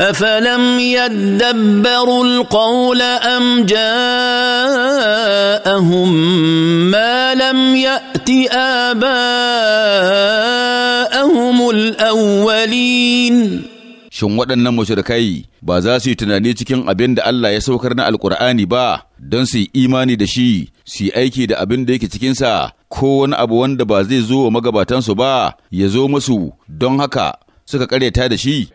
أفلم يدبروا القول أم جاءهم ما لم يأت آباءهم الأولين Shin waɗannan mashirkai ba za su yi tunani cikin abin da Allah ya saukar na Alƙur'ani ba don su yi imani da shi, su yi aiki da abin da yake cikinsa ko wani abu wanda ba zai zo wa magabatansu ba ya zo musu don haka suka ƙaryata da shi.